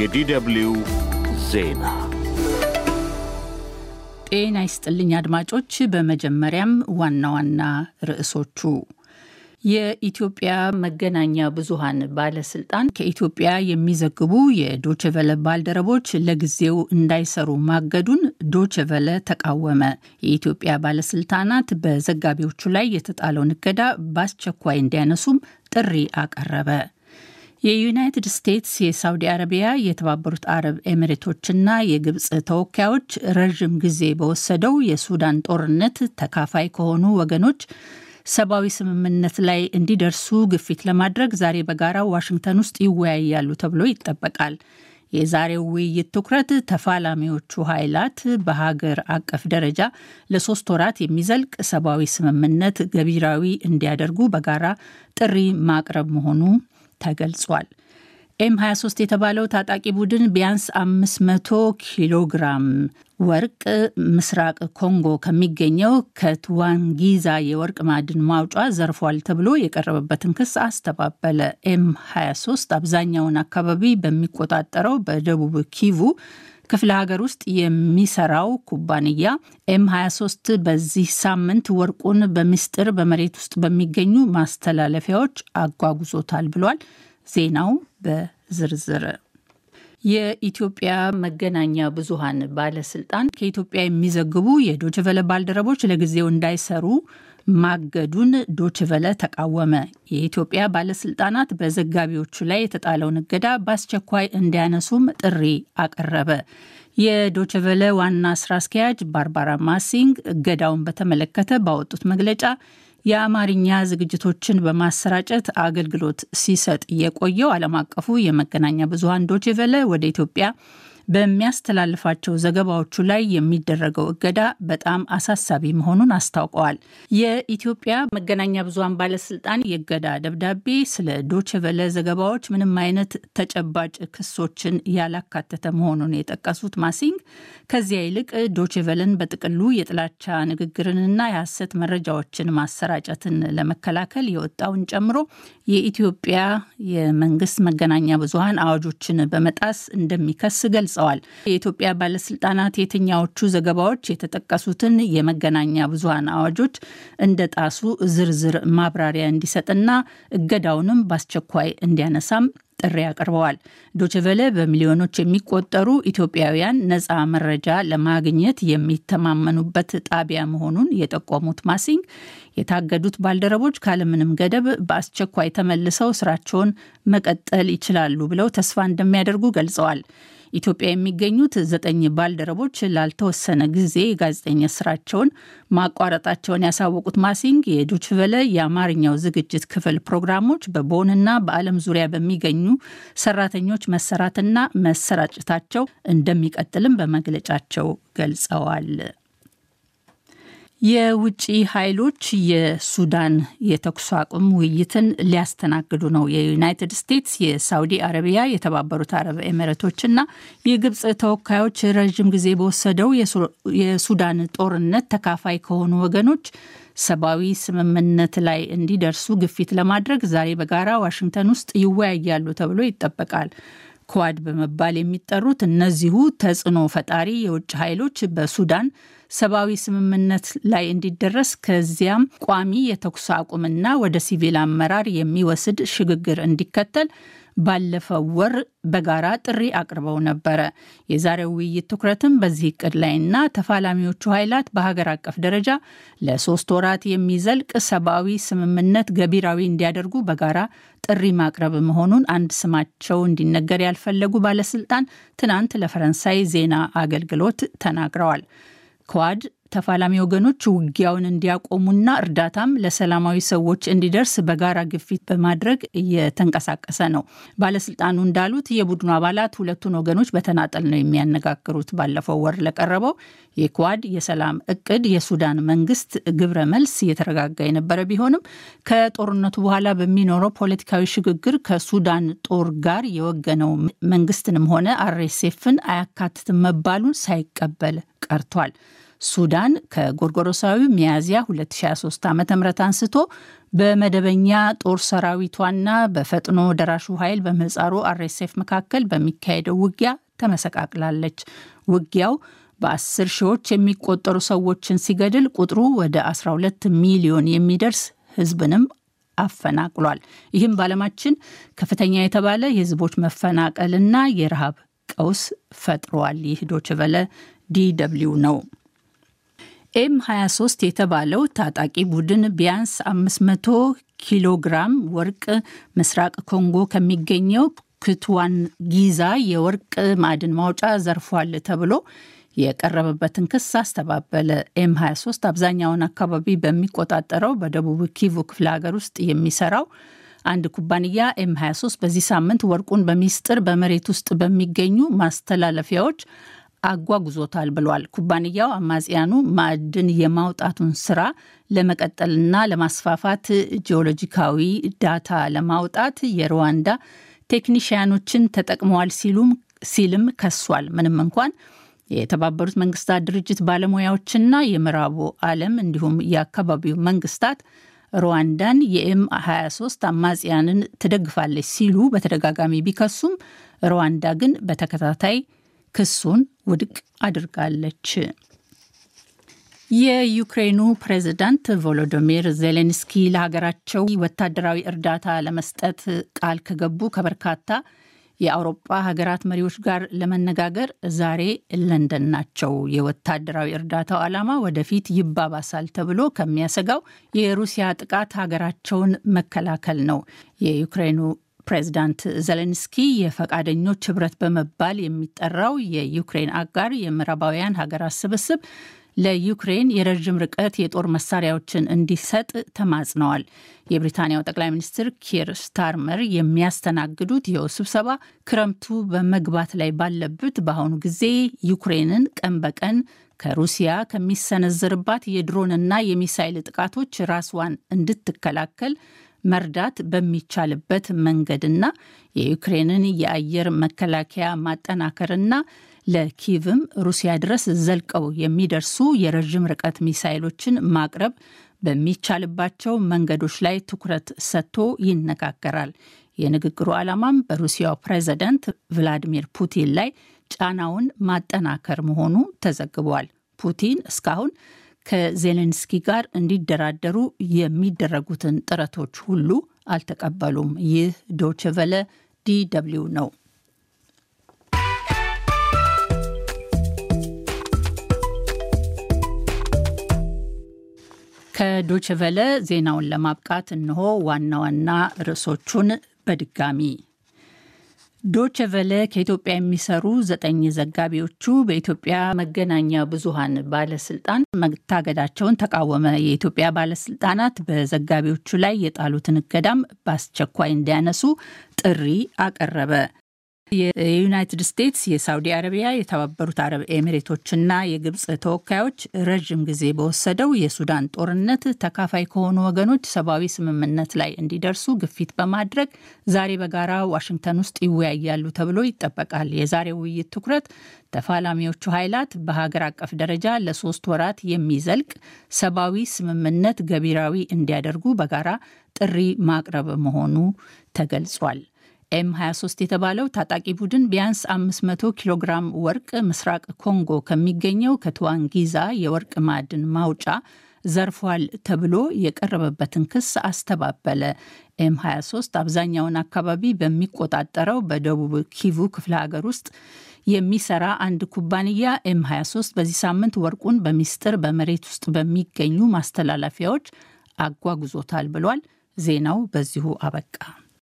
የዲደብልዩ ዜና ጤና ይስጥልኝ አድማጮች። በመጀመሪያም ዋና ዋና ርዕሶቹ የኢትዮጵያ መገናኛ ብዙሃን ባለስልጣን ከኢትዮጵያ የሚዘግቡ የዶችቨለ ባልደረቦች ለጊዜው እንዳይሰሩ ማገዱን ዶችቨለ ተቃወመ። የኢትዮጵያ ባለስልጣናት በዘጋቢዎቹ ላይ የተጣለውን እገዳ በአስቸኳይ እንዲያነሱም ጥሪ አቀረበ። የዩናይትድ ስቴትስ፣ የሳውዲ አረቢያ፣ የተባበሩት አረብ ኤሚሬቶችና የግብፅ ተወካዮች ረዥም ጊዜ በወሰደው የሱዳን ጦርነት ተካፋይ ከሆኑ ወገኖች ሰብአዊ ስምምነት ላይ እንዲደርሱ ግፊት ለማድረግ ዛሬ በጋራ ዋሽንግተን ውስጥ ይወያያሉ ተብሎ ይጠበቃል። የዛሬው ውይይት ትኩረት ተፋላሚዎቹ ኃይላት በሀገር አቀፍ ደረጃ ለሶስት ወራት የሚዘልቅ ሰብአዊ ስምምነት ገቢራዊ እንዲያደርጉ በጋራ ጥሪ ማቅረብ መሆኑ ተገልጿል። ኤም 23 የተባለው ታጣቂ ቡድን ቢያንስ 500 ኪሎ ግራም ወርቅ ምስራቅ ኮንጎ ከሚገኘው ከትዋንጊዛ የወርቅ ማዕድን ማውጫ ዘርፏል ተብሎ የቀረበበትን ክስ አስተባበለ። ኤም 23 አብዛኛውን አካባቢ በሚቆጣጠረው በደቡብ ኪቩ ክፍለ ሀገር ውስጥ የሚሰራው ኩባንያ ኤም 23 በዚህ ሳምንት ወርቁን በምስጢር በመሬት ውስጥ በሚገኙ ማስተላለፊያዎች አጓጉዞታል ብሏል። ዜናው በዝርዝር የኢትዮጵያ መገናኛ ብዙሃን ባለስልጣን ከኢትዮጵያ የሚዘግቡ የዶችቨለ ባልደረቦች ለጊዜው እንዳይሰሩ ማገዱን ዶችቨለ ተቃወመ። የኢትዮጵያ ባለስልጣናት በዘጋቢዎቹ ላይ የተጣለውን እገዳ በአስቸኳይ እንዲያነሱም ጥሪ አቀረበ። የዶችቨለ ዋና ስራ አስኪያጅ ባርባራ ማሲንግ እገዳውን በተመለከተ ባወጡት መግለጫ የአማርኛ ዝግጅቶችን በማሰራጨት አገልግሎት ሲሰጥ የቆየው ዓለም አቀፉ የመገናኛ ብዙሃን ዶችቨለ ወደ ኢትዮጵያ በሚያስተላልፋቸው ዘገባዎቹ ላይ የሚደረገው እገዳ በጣም አሳሳቢ መሆኑን አስታውቀዋል። የኢትዮጵያ መገናኛ ብዙሃን ባለስልጣን የእገዳ ደብዳቤ ስለ ዶችቨለ ዘገባዎች ምንም አይነት ተጨባጭ ክሶችን ያላካተተ መሆኑን የጠቀሱት ማሲንግ ከዚያ ይልቅ ዶችቨለን በጥቅሉ የጥላቻ ንግግርንና የሐሰት መረጃዎችን ማሰራጨትን ለመከላከል የወጣውን ጨምሮ የኢትዮጵያ የመንግስት መገናኛ ብዙሃን አዋጆችን በመጣስ እንደሚከስ ገልጸዋል። ገልጸዋል። የኢትዮጵያ ባለስልጣናት የትኛዎቹ ዘገባዎች የተጠቀሱትን የመገናኛ ብዙሀን አዋጆች እንደ ጣሱ ዝርዝር ማብራሪያ እንዲሰጥና እገዳውንም በአስቸኳይ እንዲያነሳም ጥሪ አቅርበዋል። ዶችቨለ በሚሊዮኖች የሚቆጠሩ ኢትዮጵያውያን ነፃ መረጃ ለማግኘት የሚተማመኑበት ጣቢያ መሆኑን የጠቆሙት ማሲንግ የታገዱት ባልደረቦች ካለምንም ገደብ በአስቸኳይ ተመልሰው ስራቸውን መቀጠል ይችላሉ ብለው ተስፋ እንደሚያደርጉ ገልጸዋል። ኢትዮጵያ የሚገኙት ዘጠኝ ባልደረቦች ላልተወሰነ ጊዜ የጋዜጠኛ ስራቸውን ማቋረጣቸውን ያሳወቁት ማሲንግ የዶችቨለ የአማርኛው ዝግጅት ክፍል ፕሮግራሞች በቦንና በዓለም ዙሪያ በሚገኙ ሰራተኞች መሰራትና መሰራጨታቸው እንደሚቀጥልም በመግለጫቸው ገልጸዋል። የውጭ ኃይሎች የሱዳን የተኩስ አቁም ውይይትን ሊያስተናግዱ ነው። የዩናይትድ ስቴትስ፣ የሳውዲ አረቢያ፣ የተባበሩት አረብ ኤሚሬቶችና የግብፅ ተወካዮች ረዥም ጊዜ በወሰደው የሱዳን ጦርነት ተካፋይ ከሆኑ ወገኖች ሰብአዊ ስምምነት ላይ እንዲደርሱ ግፊት ለማድረግ ዛሬ በጋራ ዋሽንግተን ውስጥ ይወያያሉ ተብሎ ይጠበቃል። ኳድ በመባል የሚጠሩት እነዚሁ ተጽዕኖ ፈጣሪ የውጭ ኃይሎች በሱዳን ሰብአዊ ስምምነት ላይ እንዲደረስ ከዚያም ቋሚ የተኩስ አቁምና ወደ ሲቪል አመራር የሚወስድ ሽግግር እንዲከተል ባለፈው ወር በጋራ ጥሪ አቅርበው ነበረ። የዛሬው ውይይት ትኩረትም በዚህ እቅድ ላይና ተፋላሚዎቹ ኃይላት በሀገር አቀፍ ደረጃ ለሶስት ወራት የሚዘልቅ ሰብአዊ ስምምነት ገቢራዊ እንዲያደርጉ በጋራ ጥሪ ማቅረብ መሆኑን አንድ ስማቸው እንዲነገር ያልፈለጉ ባለስልጣን ትናንት ለፈረንሳይ ዜና አገልግሎት ተናግረዋል። ኳድ ተፋላሚ ወገኖች ውጊያውን እንዲያቆሙና እርዳታም ለሰላማዊ ሰዎች እንዲደርስ በጋራ ግፊት በማድረግ እየተንቀሳቀሰ ነው። ባለስልጣኑ እንዳሉት የቡድኑ አባላት ሁለቱን ወገኖች በተናጠል ነው የሚያነጋግሩት። ባለፈው ወር ለቀረበው የኳድ የሰላም እቅድ የሱዳን መንግስት ግብረ መልስ እየተረጋጋ የነበረ ቢሆንም ከጦርነቱ በኋላ በሚኖረው ፖለቲካዊ ሽግግር ከሱዳን ጦር ጋር የወገነው መንግስትንም ሆነ አርኤስኤፍን አያካትትም መባሉን ሳይቀበል ቀርቷል። ሱዳን ከጎርጎሮሳዊ ሚያዝያ 2023 ዓ ም አንስቶ በመደበኛ ጦር ሰራዊቷና በፈጥኖ ደራሹ ኃይል በምህጻሩ አርኤስኤፍ መካከል በሚካሄደው ውጊያ ተመሰቃቅላለች። ውጊያው በአስር ሺዎች የሚቆጠሩ ሰዎችን ሲገድል ቁጥሩ ወደ 12 ሚሊዮን የሚደርስ ህዝብንም አፈናቅሏል። ይህም በዓለማችን ከፍተኛ የተባለ የህዝቦች መፈናቀልና የረሃብ ቀውስ ፈጥሯል። ይህ ዶችቨለ ዲ ደብልዩ ነው። ኤም 23 የተባለው ታጣቂ ቡድን ቢያንስ 500 ኪሎ ግራም ወርቅ ምስራቅ ኮንጎ ከሚገኘው ክትዋን ጊዛ የወርቅ ማዕድን ማውጫ ዘርፏል ተብሎ የቀረበበትን ክስ አስተባበለ። ኤም 23 አብዛኛውን አካባቢ በሚቆጣጠረው በደቡብ ኪቩ ክፍለ ሀገር ውስጥ የሚሰራው አንድ ኩባንያ ኤም 23 በዚህ ሳምንት ወርቁን በሚስጥር በመሬት ውስጥ በሚገኙ ማስተላለፊያዎች አጓጉዞታል ብሏል። ኩባንያው አማጽያኑ ማዕድን የማውጣቱን ስራ ለመቀጠልና ለማስፋፋት ጂኦሎጂካዊ ዳታ ለማውጣት የሩዋንዳ ቴክኒሽያኖችን ተጠቅመዋል ሲሉም ሲልም ከሷል። ምንም እንኳን የተባበሩት መንግስታት ድርጅት ባለሙያዎችና የምዕራቡ ዓለም እንዲሁም የአካባቢው መንግስታት ሩዋንዳን የኤም 23 አማጽያንን ትደግፋለች ሲሉ በተደጋጋሚ ቢከሱም ሩዋንዳ ግን በተከታታይ ክሱን ውድቅ አድርጋለች። የዩክሬኑ ፕሬዝዳንት ቮሎዶሚር ዜሌንስኪ ለሀገራቸው ወታደራዊ እርዳታ ለመስጠት ቃል ከገቡ ከበርካታ የአውሮፓ ሀገራት መሪዎች ጋር ለመነጋገር ዛሬ ለንደን ናቸው። የወታደራዊ እርዳታው ዓላማ ወደፊት ይባባሳል ተብሎ ከሚያሰጋው የሩሲያ ጥቃት ሀገራቸውን መከላከል ነው። የዩክሬኑ ፕሬዚዳንት ዘለንስኪ የፈቃደኞች ህብረት በመባል የሚጠራው የዩክሬን አጋር የምዕራባውያን ሀገራት ስብስብ ለዩክሬን የረዥም ርቀት የጦር መሳሪያዎችን እንዲሰጥ ተማጽነዋል። የብሪታንያው ጠቅላይ ሚኒስትር ኪር ስታርመር የሚያስተናግዱት ይኸው ስብሰባ ክረምቱ በመግባት ላይ ባለበት በአሁኑ ጊዜ ዩክሬንን ቀን በቀን ከሩሲያ ከሚሰነዘርባት የድሮንና የሚሳይል ጥቃቶች ራስዋን እንድትከላከል መርዳት በሚቻልበት መንገድና የዩክሬንን የአየር መከላከያ ማጠናከርና ለኪቭም ሩሲያ ድረስ ዘልቀው የሚደርሱ የረዥም ርቀት ሚሳይሎችን ማቅረብ በሚቻልባቸው መንገዶች ላይ ትኩረት ሰጥቶ ይነጋገራል። የንግግሩ ዓላማም በሩሲያው ፕሬዚደንት ቭላዲሚር ፑቲን ላይ ጫናውን ማጠናከር መሆኑ ተዘግቧል። ፑቲን እስካሁን ከዜሌንስኪ ጋር እንዲደራደሩ የሚደረጉትን ጥረቶች ሁሉ አልተቀበሉም። ይህ ዶችቨለ ዲደብሊው ነው። ከዶችቨለ ዜናውን ለማብቃት እንሆ ዋና ዋና ርዕሶቹን በድጋሚ ዶች ቨለ ከኢትዮጵያ የሚሰሩ ዘጠኝ ዘጋቢዎቹ በኢትዮጵያ መገናኛ ብዙሃን ባለስልጣን መታገዳቸውን ተቃወመ። የኢትዮጵያ ባለስልጣናት በዘጋቢዎቹ ላይ የጣሉትን እገዳም በአስቸኳይ እንዲያነሱ ጥሪ አቀረበ። የዩናይትድ ስቴትስ፣ የሳውዲ አረቢያ፣ የተባበሩት አረብ ኤሚሬቶችና የግብፅ ተወካዮች ረዥም ጊዜ በወሰደው የሱዳን ጦርነት ተካፋይ ከሆኑ ወገኖች ሰብአዊ ስምምነት ላይ እንዲደርሱ ግፊት በማድረግ ዛሬ በጋራ ዋሽንግተን ውስጥ ይወያያሉ ተብሎ ይጠበቃል። የዛሬው ውይይት ትኩረት ተፋላሚዎቹ ኃይላት በሀገር አቀፍ ደረጃ ለሶስት ወራት የሚዘልቅ ሰብአዊ ስምምነት ገቢራዊ እንዲያደርጉ በጋራ ጥሪ ማቅረብ መሆኑ ተገልጿል። ኤም 23 የተባለው ታጣቂ ቡድን ቢያንስ 500 ኪሎ ግራም ወርቅ ምስራቅ ኮንጎ ከሚገኘው ከቱዋንጊዛ የወርቅ ማዕድን ማውጫ ዘርፏል ተብሎ የቀረበበትን ክስ አስተባበለ። ኤም 23 አብዛኛውን አካባቢ በሚቆጣጠረው በደቡብ ኪቩ ክፍለ ሀገር ውስጥ የሚሰራ አንድ ኩባንያ ኤም 23 በዚህ ሳምንት ወርቁን በሚስጥር በመሬት ውስጥ በሚገኙ ማስተላለፊያዎች አጓጉዞታል ብሏል። ዜናው በዚሁ አበቃ።